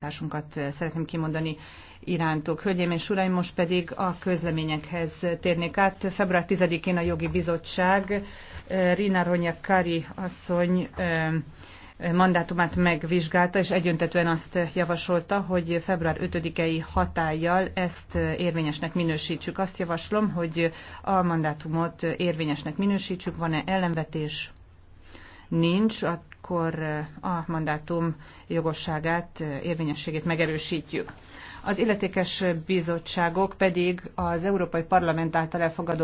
társunkat szeretném kimondani irántuk. Hölgyeim és uraim, most pedig a közleményekhez térnék át. Február 10-én a Jogi Bizottság eh, Rina Ronya Kari asszony eh, mandátumát megvizsgálta, és egyöntetően azt javasolta, hogy február 5-i hatállyal ezt érvényesnek minősítsük. Azt javaslom, hogy a mandátumot érvényesnek minősítsük. Van-e ellenvetés? Nincs. A akkor eh, a mandátum jogosságát, eh, érvényességét megerősítjük. Az illetékes bizottságok pedig az Európai Parlament által elfogadott